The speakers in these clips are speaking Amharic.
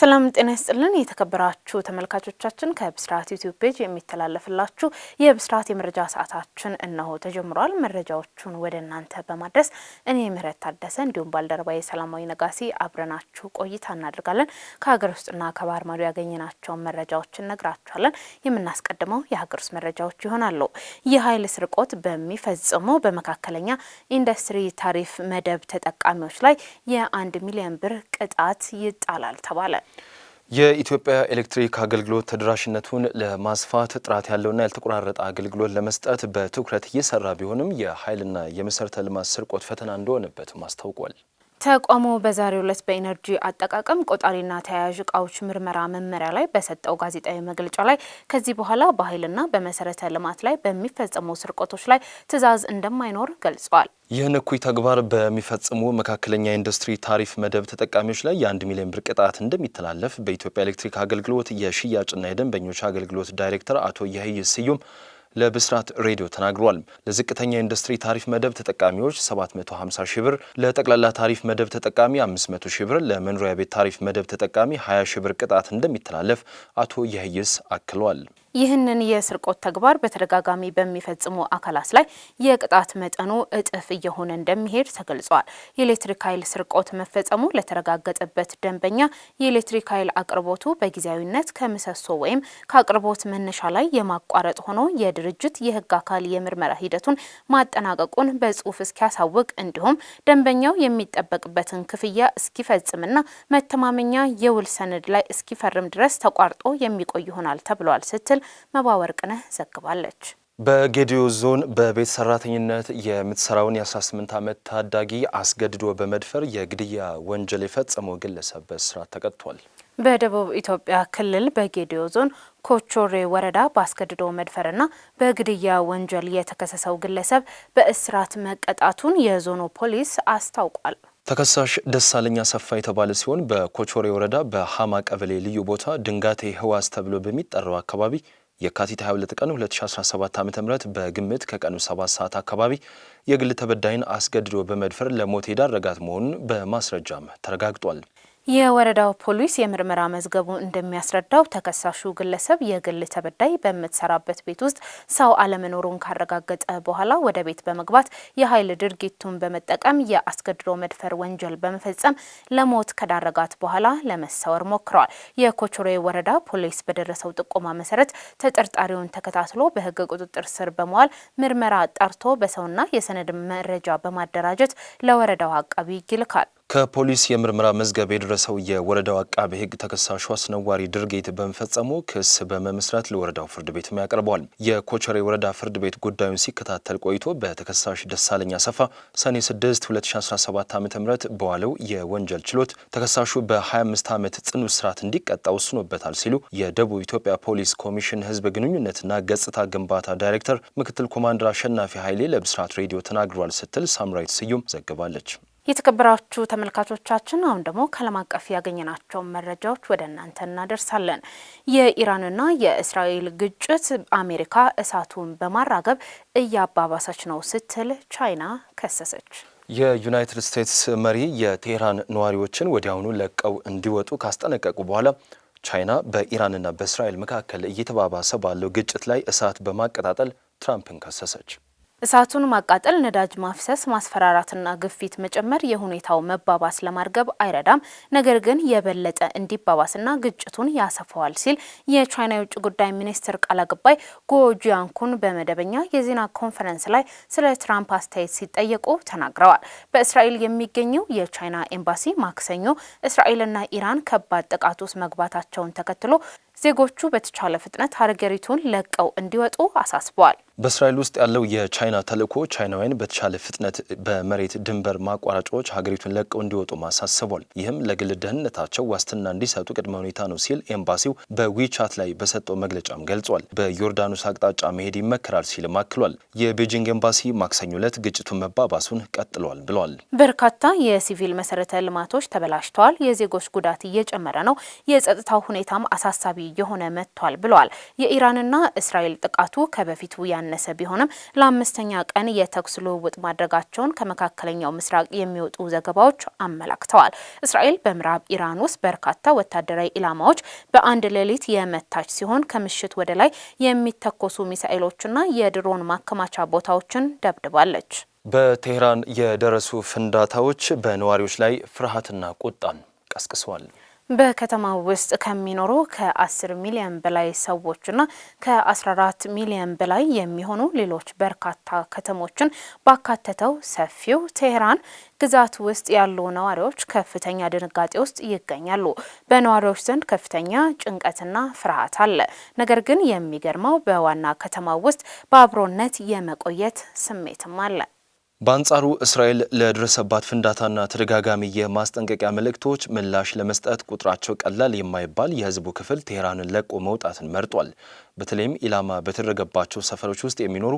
ሰላም ጤና ይስጥልን። የተከበራችሁ ተመልካቾቻችን ከብስራት ዩቲዩብ ፔጅ የሚተላለፍላችሁ የብስራት የመረጃ ሰዓታችን እነሆ ተጀምሯል። መረጃዎቹን ወደ እናንተ በማድረስ እኔ ምህረት ታደሰ እንዲሁም ባልደረባ የሰላማዊ ነጋሲ አብረናችሁ ቆይታ እናደርጋለን። ከሀገር ውስጥና ከባህር ማዶ ያገኘናቸውን መረጃዎችን ነግራችኋለን። የምናስቀድመው የሀገር ውስጥ መረጃዎች ይሆናሉ። የኃይል ስርቆት በሚፈጽሙ በመካከለኛ ኢንዱስትሪ ታሪፍ መደብ ተጠቃሚዎች ላይ የአንድ ሚሊዮን ብር ቅጣት ይጣላል ተባለ። የኢትዮጵያ ኤሌክትሪክ አገልግሎት ተደራሽነቱን ለማስፋት ጥራት ያለውና ያልተቆራረጠ አገልግሎት ለመስጠት በትኩረት እየሰራ ቢሆንም የኃይልና የመሰረተ ልማት ስርቆት ፈተና እንደሆነበት አስታውቋል። ተቋሙ በዛሬው ዕለት በኢነርጂ አጠቃቀም ቆጣሪና ተያያዥ እቃዎች ምርመራ መመሪያ ላይ በሰጠው ጋዜጣዊ መግለጫ ላይ ከዚህ በኋላ በኃይልና በመሰረተ ልማት ላይ በሚፈጸሙ ስርቆቶች ላይ ትዕዛዝ እንደማይኖር ገልጿል። ይህን እኩይ ተግባር በሚፈጽሙ መካከለኛ ኢንዱስትሪ ታሪፍ መደብ ተጠቃሚዎች ላይ የአንድ ሚሊዮን ብር ቅጣት እንደሚተላለፍ በኢትዮጵያ ኤሌክትሪክ አገልግሎት የሽያጭና የደንበኞች አገልግሎት ዳይሬክተር አቶ ያህይ ስዩም ለብስራት ሬዲዮ ተናግሯል። ለዝቅተኛ ኢንዱስትሪ ታሪፍ መደብ ተጠቃሚዎች 750 ሺህ ብር፣ ለጠቅላላ ታሪፍ መደብ ተጠቃሚ 500 ሺህ ብር፣ ለመኖሪያ ቤት ታሪፍ መደብ ተጠቃሚ 20 ሺህ ብር ቅጣት እንደሚተላለፍ አቶ ያህይስ አክለዋል። ይህንን የስርቆት ተግባር በተደጋጋሚ በሚፈጽሙ አካላት ላይ የቅጣት መጠኑ እጥፍ እየሆነ እንደሚሄድ ተገልጿል። የኤሌክትሪክ ኃይል ስርቆት መፈጸሙ ለተረጋገጠበት ደንበኛ የኤሌክትሪክ ኃይል አቅርቦቱ በጊዜያዊነት ከምሰሶ ወይም ከአቅርቦት መነሻ ላይ የማቋረጥ ሆኖ የድርጅት የህግ አካል የምርመራ ሂደቱን ማጠናቀቁን በጽሁፍ እስኪያሳውቅ እንዲሁም ደንበኛው የሚጠበቅበትን ክፍያ እስኪፈጽምና መተማመኛ የውል ሰነድ ላይ እስኪፈርም ድረስ ተቋርጦ የሚቆይ ይሆናል ተብሏል ስትል ስትል መባወርቅነህ ዘግባለች። በጌዲዮ ዞን በቤት ሰራተኝነት የምትሰራውን የ18 ዓመት ታዳጊ አስገድዶ በመድፈር የግድያ ወንጀል የፈጸመው ግለሰብ በእስራት ተቀጥቷል። በደቡብ ኢትዮጵያ ክልል በጌዲዮ ዞን ኮቾሬ ወረዳ በአስገድዶ መድፈርና በግድያ ወንጀል የተከሰሰው ግለሰብ በእስራት መቀጣቱን የዞኑ ፖሊስ አስታውቋል። ተከሳሽ ደሳለኛ ሰፋ የተባለ ሲሆን በኮቾሬ ወረዳ በሃማ ቀበሌ ልዩ ቦታ ድንጋቴ ህዋስ ተብሎ በሚጠራው አካባቢ የካቲት 22 ቀን 2017 ዓ ም በግምት ከቀኑ 7 ሰዓት አካባቢ የግል ተበዳይን አስገድዶ በመድፈር ለሞት የዳረጋት መሆኑን በማስረጃም ተረጋግጧል። የወረዳው ፖሊስ የምርመራ መዝገቡ እንደሚያስረዳው ተከሳሹ ግለሰብ የግል ተበዳይ በምትሰራበት ቤት ውስጥ ሰው አለመኖሩን ካረጋገጠ በኋላ ወደ ቤት በመግባት የኃይል ድርጊቱን በመጠቀም የአስገድዶ መድፈር ወንጀል በመፈጸም ለሞት ከዳረጋት በኋላ ለመሰወር ሞክረዋል። የኮቾሬ ወረዳ ፖሊስ በደረሰው ጥቆማ መሰረት ተጠርጣሪውን ተከታትሎ በህግ ቁጥጥር ስር በመዋል ምርመራ ጠርቶ በሰውና የሰነድ መረጃ በማደራጀት ለወረዳው አቃቢ ይልካል። ከፖሊስ የምርመራ መዝገብ የደረሰው የወረዳው አቃቤ ሕግ ተከሳሹ አስነዋሪ ድርጊት በመፈጸሙ ክስ በመመስረት ለወረዳው ፍርድ ቤትም ያቀርበዋል። የኮቸሬ ወረዳ ፍርድ ቤት ጉዳዩን ሲከታተል ቆይቶ በተከሳሽ ደሳለኝ አሰፋ ሰኔ 6 2017 ዓ ም በዋለው የወንጀል ችሎት ተከሳሹ በ25 ዓመት ጽኑ እስራት እንዲቀጣ ወስኖበታል ሲሉ የደቡብ ኢትዮጵያ ፖሊስ ኮሚሽን ህዝብ ግንኙነትና ገጽታ ግንባታ ዳይሬክተር ምክትል ኮማንደር አሸናፊ ኃይሌ ለብስራት ሬዲዮ ተናግሯል ስትል ሳምራዊት ስዩም ዘግባለች። የተከበራችሁ ተመልካቾቻችን አሁን ደግሞ ከዓለም አቀፍ ያገኘናቸውን መረጃዎች ወደ እናንተ እናደርሳለን። የኢራንና የእስራኤል ግጭት አሜሪካ እሳቱን በማራገብ እያባባሰች ነው ስትል ቻይና ከሰሰች። የዩናይትድ ስቴትስ መሪ የቴህራን ነዋሪዎችን ወዲያውኑ ለቀው እንዲወጡ ካስጠነቀቁ በኋላ ቻይና በኢራንና በእስራኤል መካከል እየተባባሰ ባለው ግጭት ላይ እሳት በማቀጣጠል ትራምፕን ከሰሰች። እሳቱን ማቃጠል፣ ነዳጅ ማፍሰስ፣ ማስፈራራትና ግፊት መጨመር የሁኔታው መባባስ ለማርገብ አይረዳም፣ ነገር ግን የበለጠ እንዲባባስና ግጭቱን ያሰፋዋል ሲል የቻይና የውጭ ጉዳይ ሚኒስትር ቃል አቀባይ ጎጂያንኩን በመደበኛ የዜና ኮንፈረንስ ላይ ስለ ትራምፕ አስተያየት ሲጠየቁ ተናግረዋል። በእስራኤል የሚገኘው የቻይና ኤምባሲ ማክሰኞ እስራኤልና ኢራን ከባድ ጥቃት ውስጥ መግባታቸውን ተከትሎ ዜጎቹ በተቻለ ፍጥነት ሀገሪቱን ለቀው እንዲወጡ አሳስበዋል። በእስራኤል ውስጥ ያለው የቻይና ተልእኮ ቻይናውያን በተቻለ ፍጥነት በመሬት ድንበር ማቋራጮች ሀገሪቱን ለቀው እንዲወጡ ማሳሰቧል። ይህም ለግል ደህንነታቸው ዋስትና እንዲሰጡ ቅድመ ሁኔታ ነው ሲል ኤምባሲው በዊቻት ላይ በሰጠው መግለጫም ገልጿል። በዮርዳኖስ አቅጣጫ መሄድ ይመከራል ሲልም አክሏል። የቤጂንግ ኤምባሲ ማክሰኞ ዕለት ግጭቱን መባባሱን ቀጥሏል ብሏል። በርካታ የሲቪል መሰረተ ልማቶች ተበላሽተዋል። የዜጎች ጉዳት እየጨመረ ነው። የጸጥታው ሁኔታም አሳሳቢ የሆነ መጥቷል ብለዋል። የኢራንና እስራኤል ጥቃቱ ከበፊቱ ያነሰ ቢሆንም ለአምስተኛ ቀን የተኩስ ልውውጥ ማድረጋቸውን ከመካከለኛው ምስራቅ የሚወጡ ዘገባዎች አመላክተዋል። እስራኤል በምዕራብ ኢራን ውስጥ በርካታ ወታደራዊ ኢላማዎች በአንድ ሌሊት የመታች ሲሆን ከምሽት ወደ ላይ የሚተኮሱ ሚሳኤሎችና የድሮን ማከማቻ ቦታዎችን ደብድባለች። በቴህራን የደረሱ ፍንዳታዎች በነዋሪዎች ላይ ፍርሃትና ቁጣን ቀስቅሰዋል። በከተማ ውስጥ ከሚኖሩ ከ10 ሚሊዮን በላይ ሰዎችና ከ14 ሚሊዮን በላይ የሚሆኑ ሌሎች በርካታ ከተሞችን ባካተተው ሰፊው ቴህራን ግዛት ውስጥ ያሉ ነዋሪዎች ከፍተኛ ድንጋጤ ውስጥ ይገኛሉ። በነዋሪዎች ዘንድ ከፍተኛ ጭንቀትና ፍርሃት አለ። ነገር ግን የሚገርመው በዋና ከተማ ውስጥ በአብሮነት የመቆየት ስሜትም አለ። በአንጻሩ እስራኤል ለደረሰባት ፍንዳታና ተደጋጋሚ የማስጠንቀቂያ መልእክቶች ምላሽ ለመስጠት ቁጥራቸው ቀላል የማይባል የህዝቡ ክፍል ቴህራንን ለቆ መውጣትን መርጧል። በተለይም ኢላማ በተደረገባቸው ሰፈሮች ውስጥ የሚኖሩ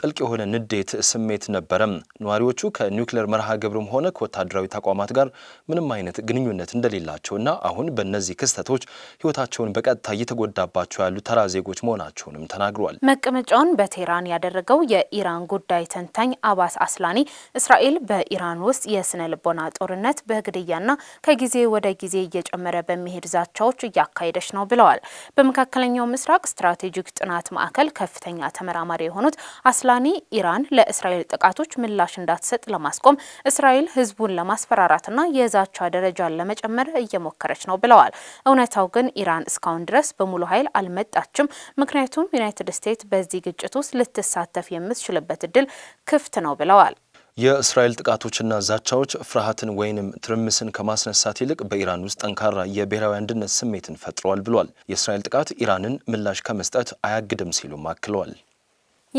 ጥልቅ የሆነ ንዴት ስሜት ነበረም። ነዋሪዎቹ ከኒውክሌር መርሃ ግብርም ሆነ ከወታደራዊ ተቋማት ጋር ምንም አይነት ግንኙነት እንደሌላቸው እና አሁን በእነዚህ ክስተቶች ህይወታቸውን በቀጥታ እየተጎዳባቸው ያሉ ተራ ዜጎች መሆናቸውንም ተናግሯል። መቀመጫውን በቴህራን ያደረገው የኢራን ጉዳይ ተንታኝ አባስ አስላኒ እስራኤል በኢራን ውስጥ የስነ ልቦና ጦርነት በግድያና ከጊዜ ወደ ጊዜ እየጨመረ በሚሄድ ዛቻዎች እያካሄደች ነው ብለዋል። በመካከለኛው ምስራቅ ስትራቴጂክ ጥናት ማዕከል ከፍተኛ ተመራማሪ የሆኑት አስላኒ ኢራን ለእስራኤል ጥቃቶች ምላሽ እንዳትሰጥ ለማስቆም እስራኤል ህዝቡን ለማስፈራራትና የዛቻ ደረጃን ለመጨመር እየሞከረች ነው ብለዋል። እውነታው ግን ኢራን እስካሁን ድረስ በሙሉ ኃይል አልመጣችም። ምክንያቱም ዩናይትድ ስቴትስ በዚህ ግጭት ውስጥ ልትሳተፍ የምትችልበት እድል ክፍት ነው ብለዋል። የእስራኤል ጥቃቶችና ዛቻዎች ፍርሃትን ወይንም ትርምስን ከማስነሳት ይልቅ በኢራን ውስጥ ጠንካራ የብሔራዊ አንድነት ስሜትን ፈጥረዋል ብሏል። የእስራኤል ጥቃት ኢራንን ምላሽ ከመስጠት አያግድም ሲሉም አክለዋል።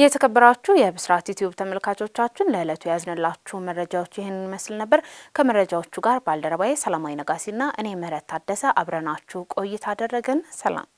የተከበራችሁ የብስራት ዩቲዩብ ተመልካቾቻችን ለዕለቱ ያዝንላችሁ መረጃዎች ይህን ይመስል ነበር። ከመረጃዎቹ ጋር ባልደረባዬ ሰላማዊ ነጋሲና እኔ ምህረት ታደሰ አብረናችሁ ቆይታ አደረግን። ሰላም